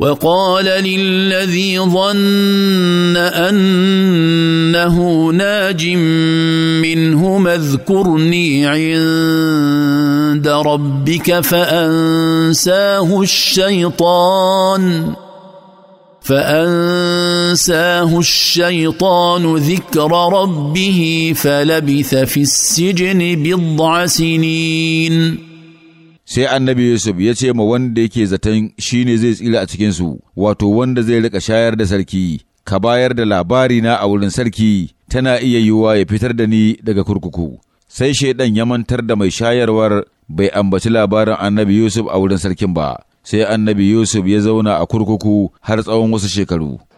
وقال للذي ظن انه ناج منهما اذكرني عند ربك فانساه الشيطان فانساه الشيطان ذكر ربه فلبث في السجن بضع سنين sai annabi Yusuf ya ce ma wanda yake zaton shi ne zai tsira a cikinsu, wato wanda zai rika shayar da sarki, ka bayar da labari na a wurin sarki tana iya yiwuwa ya fitar da ni daga kurkuku. Sai shaidan ya mantar da mai shayarwar bai ambaci labarin annabi Yusuf a wurin sarkin ba, sai annabi Yusuf ya zauna a kurkuku har tsawon wasu shekaru.